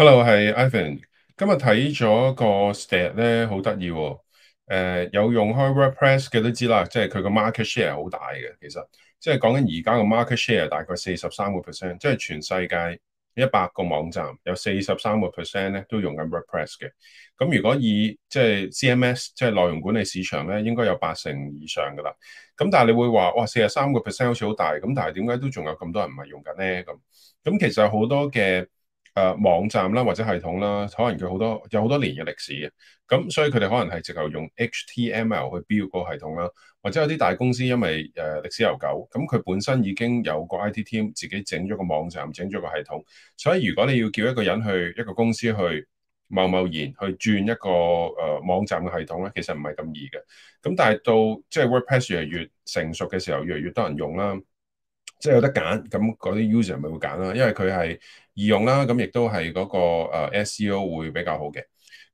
Hello，係 Ivan。今日睇咗個 stat 咧，好得意、哦。誒、呃，有用開 WordPress 嘅都知啦，即係佢個 market share 好大嘅。其實即係講緊而家個 market share 大概四十三個 percent，即係全世界一百個網站有四十三個 percent 咧都用緊 WordPress 嘅。咁如果以即係 CMS，即係內容管理市場咧，應該有八成以上噶啦。咁但係你會話哇，四十三個 percent 好似好大，咁但係點解都仲有咁多人唔係用緊咧？咁咁其實好多嘅。誒網站啦，或者系統啦，可能佢好多有好多年嘅歷史嘅，咁所以佢哋可能係直頭用 HTML 去 build 個系統啦，或者有啲大公司因為誒歷史悠久，咁佢本身已經有個 IT team 自己整咗個網站，整咗個系統，所以如果你要叫一個人去一個公司去貿貿然去轉一個誒、呃、網站嘅系統咧，其實唔係咁易嘅，咁但係到即係、就是、WordPress 越嚟越成熟嘅時候，越嚟越多人用啦。即係有得揀，咁嗰啲 user 咪會揀啦，因為佢係易用啦，咁亦都係嗰個 SEO 會比較好嘅。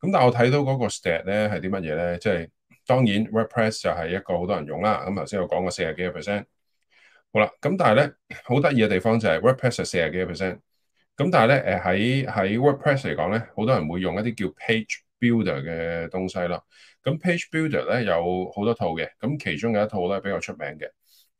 咁但係我睇到嗰個 stat 咧係啲乜嘢咧？即係當然 WordPress 就係一個好多人用啦。咁頭先我講過四十幾個 percent，好啦。咁但係咧好得意嘅地方就係 WordPress 係四十幾個 percent。咁但係咧誒喺喺 WordPress 嚟講咧，好多人會用一啲叫 Page Builder 嘅東西咯。咁 Page Builder 咧有好多套嘅，咁其中有一套咧比較出名嘅。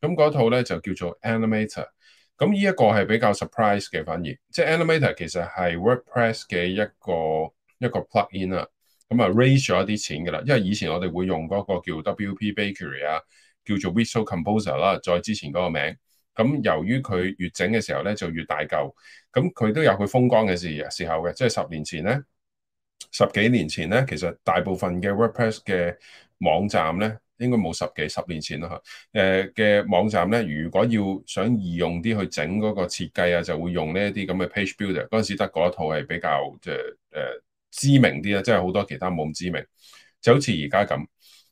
咁嗰、嗯、套咧就叫做 Animator，咁呢一個係比較 surprise 嘅，反而即係 Animator 其實係 WordPress 嘅一個 in,、嗯、一個 plug-in 啦，咁啊 raise 咗一啲錢噶啦，因為以前我哋會用嗰個叫 WP Bakery 啊，叫做 Visual Composer 啦，再之前嗰個名，咁、嗯、由於佢越整嘅時候咧就越大嚿，咁、嗯、佢都有佢風光嘅時時候嘅，即係十年前咧，十幾年前咧，其實大部分嘅 WordPress 嘅網站咧。應該冇十幾十年前啦嚇，誒、呃、嘅網站咧，如果要想易用啲去整嗰個設計啊，就會用呢一啲咁嘅 Page Builder。嗰陣時得嗰一套係比較即係誒知名啲啦，即係好多其他冇咁知名。就好似而家咁，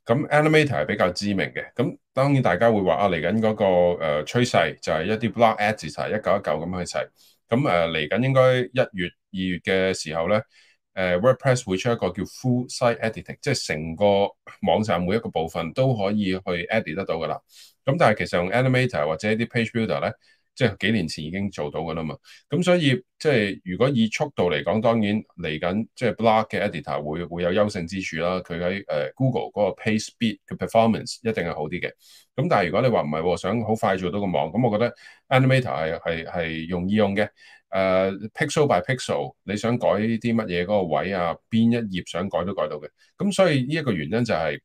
咁、嗯、Animator 係比較知名嘅。咁、嗯、當然大家會話啊，嚟緊嗰個誒、呃、趨勢就係一啲 Block Editor 係一舊一舊咁去砌。咁誒嚟緊應該一月二月嘅時候咧。誒 WordPress 會出一個叫 Full Site Editing，即係成個網站每一個部分都可以去 edit 得到㗎啦。咁但係其實用 Animator 或者啲 Page Builder 咧，即係幾年前已經做到㗎啦嘛。咁所以即係如果以速度嚟講，當然嚟緊即係 Block 嘅 Editor 會會有優勝之處啦。佢喺誒 Google 嗰個 Page Speed 嘅 Performance 一定係好啲嘅。咁但係如果你話唔係，想好快做到個網，咁我覺得 Animator 係係係容易用嘅。誒、uh, pixel by pixel，你想改啲乜嘢嗰個位啊？邊一頁想改都改到嘅。咁所以呢一個原因就係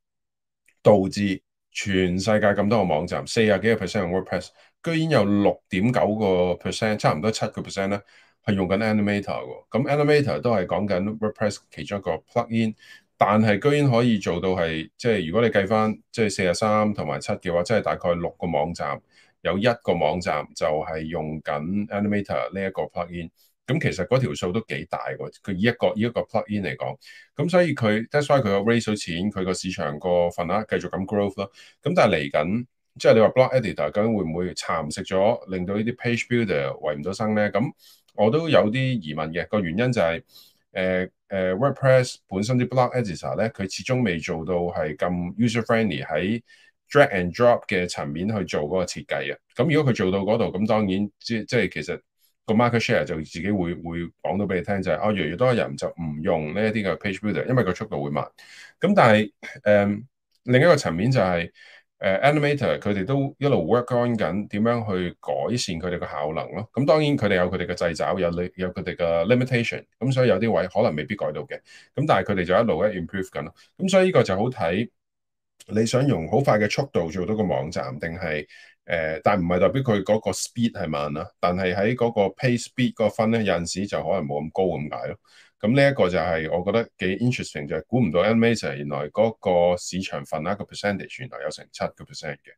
導致全世界咁多個網站，四十幾個 percent 用 WordPress，居然有六點九個 percent，差唔多七個 percent 咧，係用緊 Animator 喎。咁 Animator 都係講緊 WordPress 其中一個 plugin，但係居然可以做到係即係如果你計翻即係四十三同埋七嘅話，即係大概六個網站，有一個網站就係用緊 Animator 呢一個 plug-in，咁其實嗰條數都幾大喎。佢以一個以一個 plug-in 嚟講，咁所以佢 That's why 佢個 raise 咗錢，佢個市場個份額繼續咁 growth 咯。咁但係嚟緊，即係你話 Block Editor 究竟會唔會蠶食咗，令到呢啲 Page Builder 維唔到生咧？咁我都有啲疑問嘅。個原因就係誒誒 WordPress 本身啲 Block Editor 咧，佢始終未做到係咁 user-friendly 喺。Friendly, Drag and drop 嘅層面去做嗰個設計啊！咁如果佢做到嗰度，咁當然即即係其實個 market share 就自己會會講到俾你聽就係、是、哦，越嚟越多人就唔用呢一啲嘅 page builder，因為個速度會慢。咁但係誒、呃、另一個層面就係、是、誒、呃、Animator 佢哋都一路 work on 緊點樣去改善佢哋嘅效能咯。咁當然佢哋有佢哋嘅掣肘，有 limit 有佢哋嘅 limitation。咁所以有啲位可能未必改到嘅。咁但係佢哋就一路咧 improve 緊咯。咁所以呢個就好睇。你想用好快嘅速度做到個網站，定係誒？但唔係代表佢嗰個 speed 係慢啦，但係喺嗰個 pay speed 個分咧，有陣時就可能冇咁高咁解咯。咁呢一個就係、是、我覺得幾 interesting，就係估唔到 a m a z i n MA 原來嗰個市場份額個 percentage 原來有成七個 percent 嘅。